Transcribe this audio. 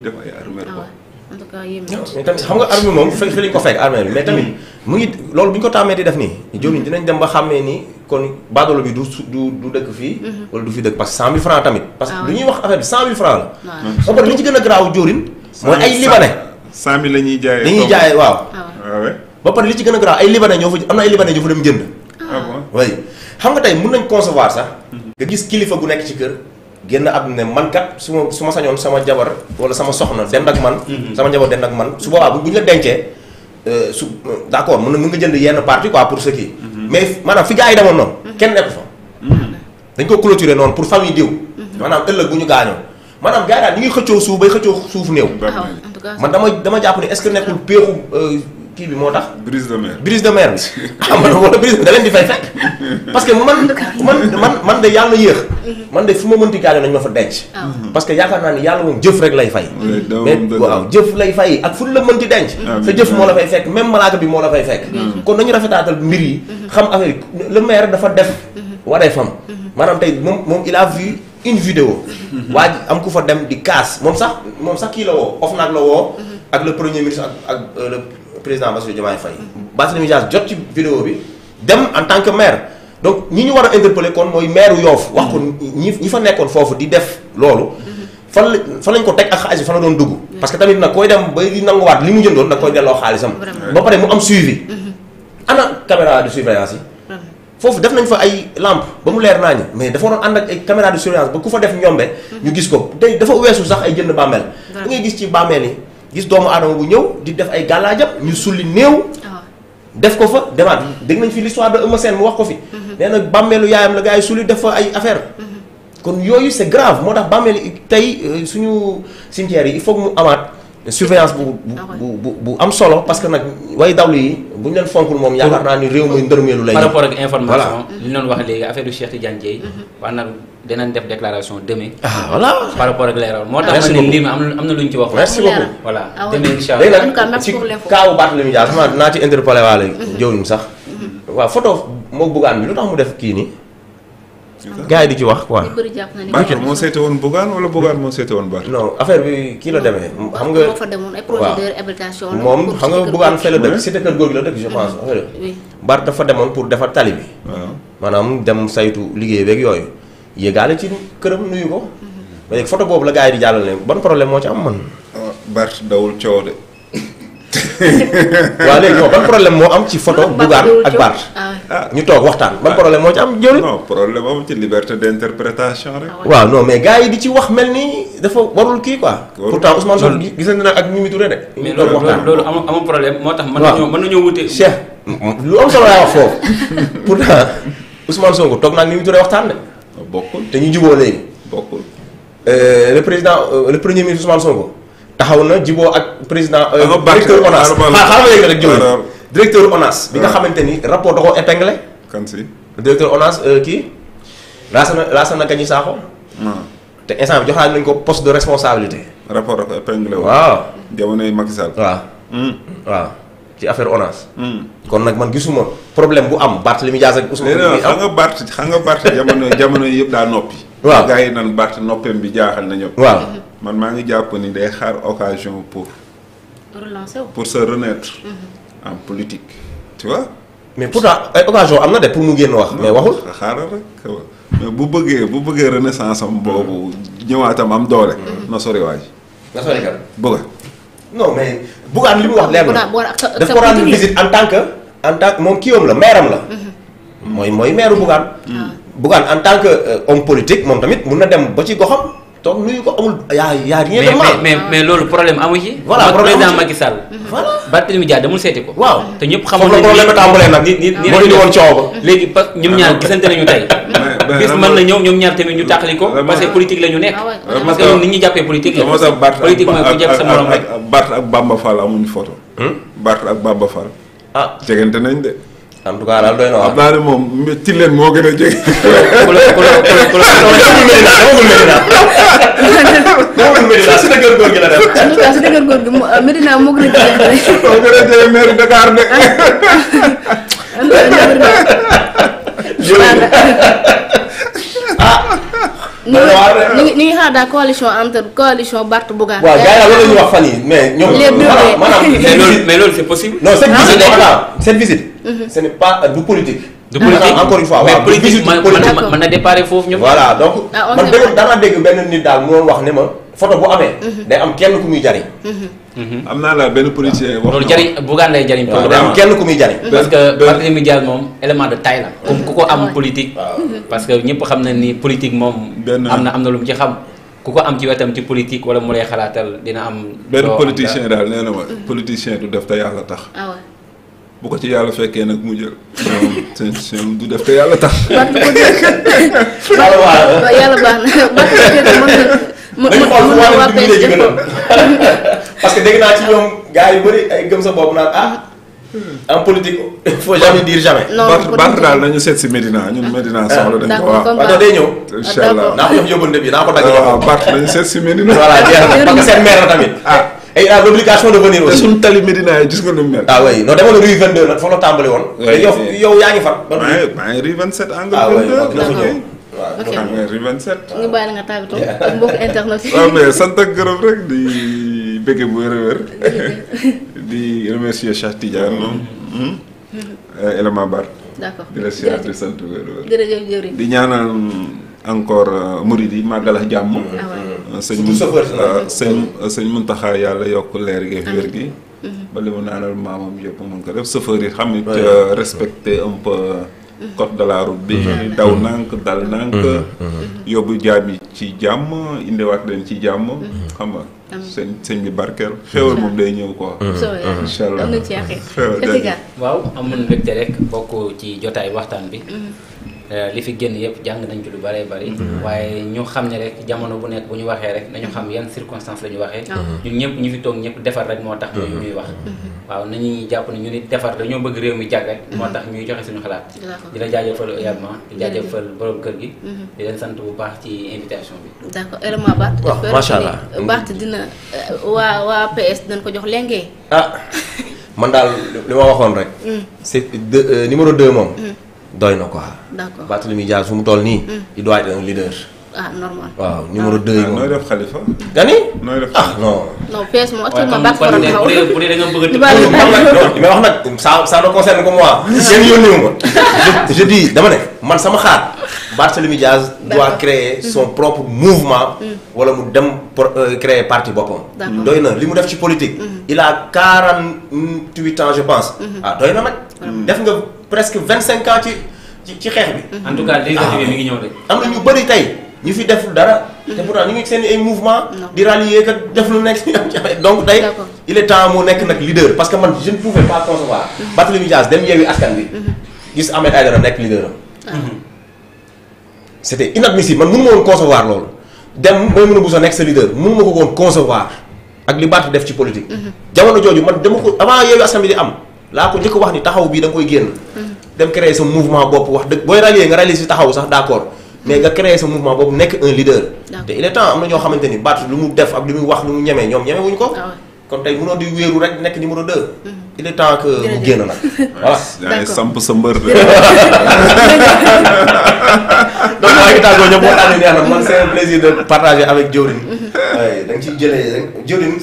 def ay armée ah en tout mais tamit xam nga armée moom fii fii lañ ko fekk armée mais tamit mu ngi loolu bu ñu ko tàmmee di def nii. jëwriñ dinañ dem ba xàmmee ni kon baadoolo bi du du dëkk fii. Mhm. wala du fi dëkk parce que 100000 francs tamit. parce ah que lu ñuy wax affaire bi 100000 francs la. waaw ba pare li ci gën a garaaw jëwriñ. mooy ay libanais. 100000 ñuy jaayee waaw. waaw ah li ci gën a garaaw ay libanais ñoo fa am na ay libanais ñoo fa dem jënd. ah bon oui xam nga tey mën nañ concevoir sax. Mhm. nga gis kilifa gu nekk ci kër génn àdduna ne man kat su ma su ma sañoon sama jabar wala sama soxna dend ak man. Mhm. sama jabar dend ak man su boobaa bu ñu la dencee euh, su euh, d' accord mën na mën nga jënd yenn partie quoi pour ce qui. Mhm. mais maanaam fi gars yi demoon noonu. Mhm. kenn nekku fa. dañ ko clôturer noonu pour famille diw. maanaam ëllëg bu ñu gaañoo. maanaam gars yi daal ñu ngi xëccoo suuf bay xëccoo suuf néew. Ah, man dama dama jàpp ne est ce que kii bi moo tax. brise de mer brise de mer bi xam nga wala brise da leen di fay fekk parce que man man man man de yàlla yéex. Mhm. man de fu ma mënti gaañoo nañ ma fa denc. Ah. Mhm. parce que yaakaar naa ni yàlla moom jëf rek lay fay. Mhm. mais waaw jëf lay fay ak fu la mënti denc. Ah, sa jëf moo la fay fekk même malaaka bi moo la fay fekk. kon nañu rafetaatal mbir yi. xam affaire le maire dafa def. waree fam maanaam tey moom moom il a vu. une vidéo waa ji am ku fa dem di kaas moom sax moom sax kii la woo OFNAC la woo ak le premier ministre ak ak euh, le président Bassirou Diomaye Faye. Bassirou Diaz jot ci vidéo bi dem en tant que maire donc ñi ñu war a interpeller kon mooy maire Yoff wax ko ñi ñi fa nekkoon foofu di def loolu. fan la fan lañ ko teg ak xaalis bi fan la doon dugg. parce que tamit nag koy dem bay di nanguwaat li mu jëndoon nag koy delloo xaalisam. ba pare mu am suivi. Mhm. ana caméra de surveillance yi. foofu def nañ fa ay lampe ba mu leer naañu mais dafa waroon ànd ak ay caméra de surveillance ba ku fa def ñombe. ñu gis ko tey dafa weesu gis doomu aadama bu ñëw di def ay gàllaajam ñu sulli néew. Ah. def ko fa demaat dégg nañ fi l'histoire de Eumeu Sène mu wax ko fi. Mm-hmm. nee na bàmmeelu yaayam la gars yi sulli def fa ay affaire mm-hmm. kon yooyu c'est grave moo tax bàmmeel tey euh, suñu cimetière yi il faut mu amaat surveillance ah bu bu bu am solo parce que nag way dawlu yi bu ñu leen fonkul moom yaakaar naa ni réew muy ndërmeelu lay. par rapport li ñu doon wax léegi affaire du Cheikh Tidiane Dieye. Mm-hmm. dinañ def déclaration demain. ah voilà par rapport ak moo tax ma ne mbir mi am na lu ñu ci wax. merci beaucoup voilà ah demain incha allah en tout cas merci pour l'info kaawu Barthélémy Dias sama naa ci interpellé waale mhm. jëwriñ sax mhm. waaw photo moo Bougane bi lu tax mu def kii nii. Ah gaa di ci wax quoi. li bëri moo seete woon Bougane wala Bougane moo seete woon Barthe. non affaire bi kii la demee. xam nga moo fa demoon ay procédure habilitation moom xam nga Bougane fee la dëkk cité kër góor gi la dëkk je pense. oui Barthe dafa demoon pour defar tali bi. waaw maanaam dem saytu liggéey beeg yooyu. yéegaale ci këram nuyu ko. ba léegi photo boobu la gars yi di jàllale ban problème moo ci am man. waaw ah, Bart dawul coow de. waaw léegi non ban problème moo am ci photo Bougane ak Bart. Ah. Ah. ñu toog waxtaan ban problème moo ci am jëriñ. non problème am ci liberté d'interprétation rek. waaw non yi di ci wax mel ni dafa warul kii quoi. pourtant Ousmane Sonko gisante na ak Mimi Touré de. ñu toog waxtaan amul amul moo tax. man na mën nañoo wute. Cheikh lu am solo laa wax foofu pourtant Ousmane Sonko toog naa ak Mimi waxtaan de. bokkul te ñu juboo léegi. bokkul euh, le président euh, le premier ministre Ousmane Sonko taxaw na jiboo ak président. Euh, directeur ONAS xaaral ma léegi rek jubóo directeur bi nga ah. xamante ni rapport da koo épinglé. kan si directeur ONAS kii Lassana Lassana Gagny Sakho. Ah. te instant joxaat nañ ko poste de responsabilité. rapport da ko épinglé waaw jamonoy Macky Sall waaw hmm. waaw. ci affaire ONAS. Hmm. kon nag man gisuma problème bu am Barthélémy li ak Ousmane. am xam nga Bart xam nga Bart jamono jamono yëpp daa noppi. waaw gars yi naan noppeem bi jaaxal na ñëpp. waaw man maa ngi jàpp ni day xaar occasion pour. relancer pour se renaître. Hmm. en politique tu mais pourtant ay occasion am na de pour mu génn wax. mais waxul xaaral rek mais bu bëggee bu bëggee renaissance am boobu ñëwaatam am doole. Hmm. na sori waay. na mais. Bougane li mu wax leer na daf ko rendre visite en tant que en tant que moom kiiwam la meeram la. Mm-hmm. mooy mooy meeru Bougane. Mm-hmm. Bougane en tant que euh, homme politique moom tamit mun na dem ba ci goxam. toog nuyu ko amul yaa yaa rien de mal mais mais loolu problème amu ci. voilà problème président Macky Sall. voilà Barthélemy Dias demul seeti ko. waaw te ñëpp xamoon nañu problème tàmbalee nag. nit nit nit moo indi woon coow ba. léegi parce que ñoom ñaar gisante nañu tey. bis mën na ñëw ñoom ñaar tamit ñu tàqali ko. parce que politique la ñu nekk. Ah parce que ñoom nit ñi jàppee politique la. politique mooy ku jàpp sa morom rek. Barth ak Bamba Fall amuñu photo. Hmm? Barth ak Bamba Fall. ah jegante nañ de. en tout cas daal doy na waar. xam naa ne moom ci leen moo gën a jege. ku la ku la ku la dama bëgg Medina si dëgër góor gi la def. en tout cas si dëgër góor gi Medina moo gën a jege. moo gën a jege maire Dakar de. Ah. Ah. ñu ngi ñu ngi xaar daal coalition entre coalition Barth Bougane. waaw gars yi loolu la ñuy wax fan yi mais ñoom. mais loolu c'est possible. non cette visite Mhm. ce n'est pas euh, du politique. du politique encore une fois na déparé foofu ñu. voilà donc ah, man dégg dama dégg benn nit daal mu wax ne ma photo bu amee. Mhm. day am kenn ku muy jariñ. Mhm. am naa la benn politicien wax. loolu jariñ Bougane lay jariñ. moom élément de taille la. ku ko am politique. parce que ñëpp xam na ni politique moom. am na am na lu mu ci xam. ku ko am ci wetam ci politique wala mu lay xalaatal dina am. benn politicien daal nee na ma politicien du def te yàlla tax. Ah bu ko ci yàlla fekkee nag mu jël. seen seen du def te yàlla tax. bàtt bu njëkk. baax na baax na bàtt na. mën na waa parce que dégg naa ci yu bëri ay gëm sa bopp naan ah. en politique il faut jamais dire jamais. daal nañu seet si Medina ñun Medina ah. soxla dañ ko waaw waaw day ñëw. Ah, ah, seet si Medina. voilà jeex na parce que seen maire la tamit. ah. et il a l'obligation de te suñ tali yi gis nga nu mu mel. ah demoon na rue 22 nag fa tàmbali woon. oui yow yow yaa ngi fan. ban rue maa ngi rue 27 ah bàyyi la nga tàggatoo ak mbokk internet yi. waaw mais sant ak gërëm rek di bëgg bu wér a wér di remercier Cheikh Tidiane moom. Hmm? Mm-hmm. Eh, di la encore euh, murid yi jàmm. Ah sëñ sëñ sëñ Muntaxa yàlla yokk leer gi wér gi mhm. ba li mu naanal maamam yëpp mun ko def chauffeur yi xam it euh, respecter cop peu mhm. de la bi mhm. daw nànk dal nànk yóbbu jaam yi ci jàmm indiwaat leen ci jàmm xam nga sëñ sëñ bi barkeel xéwal moom day ñëw quoi eh, incha allah xéwal waaw amoon mbégte ci jotaay waxtaan bi Euh, li fi génn yëpp jàng nañ ci lu bare bëri mhm. waaye ñu xam ne rek jamono bu nekk bu ñu waxee rek nañu xam yan circonstance la ñu waxee ah. mhm. ñun ñëpp ñu fi toog ñëpp defar rek moo tax ñooñu mhm. ñuy wax waaw nañuy jàpp ne ñu ni defar dañoo bëgg réew mi jag rek moo tax ñuy joxe suñu xalaat di la jaajëfal également di jaajëfal borom kër gi di leen sant bu baax ci invitation bi d'accord élément Barth waaw macha allah euh, Barth dina euh, waa waa PS dinañ ko jox lengee ah man daal li ma waxoon rek mm. c'est numéro 2 moom mm. doy na quoi. d'accord Barthélémy Dias su mu toll nii. Hmm. il doit être un leader. ah normal waaw numéro 2 ah. yi ah, moom nooy def xalifa. gani nooy def xalifa ah, non. non PS moom actuellement bàtt war a taxaw waaye bu dee da nga bëgg a. mais wax nag ça ça ne concerne que moi. seen yónni wu ma. je je dis dama ne man sama xaar. Barthélémy Diaz doit créer hmm. son propre mouvement. Hmm. wala mu dem euh, créer parti boppam. doy na li mu def ci politique. il a quarante huit ans je pense. ah doy na nag. def nga. presque vingt cinq ans ci ci ci xeex bi. en tout cas ah. ngi ñëw rek. am na ñu bëri tey ñu fi def dara. Mm-hmm. te pourtant ñu ngi seen ay mouvement. di rallier kat def lu nekk donc tey. il est temps mu nekk nag leader parce que man je ne pouvais pas concevoir. Mm-hmm. Barthélémy Dias dem yeewi askan bi. Mm-hmm. gis Ahmed Aïdara nekk leader am. Ah. c' était man mënu ma woon concevoir loolu dem mooy mën a buso nekk sa leader mënu ma ko woon concevoir ak li Barth def ci politique. jamono jooju man dama avant yeewi askan bi di am. laa ko njëkk wax ni taxaw bii da koy génn. dem créer sa mouvement bopp wax dëgg booy rallier nga rallier si taxaw sax d' accord mais nga créer sa mouvement bopp nekk un leader. te il est temps am na ñoo xamante ni baat lu mu def ak lu mu wax lu mu ñeme ñoom ñeme ko. Ah kon tey mënoo di wéeru rek nekk numéro 2. Mm-hmm. il est temps que mu génn nag. voilà yaay samp sa mbër. donc maa ngi tàggoo ñëpp boo tànnee neex na man c' est un de partager avec Diorine. Mm-hmm. da nga ciy jëlee rek Diorine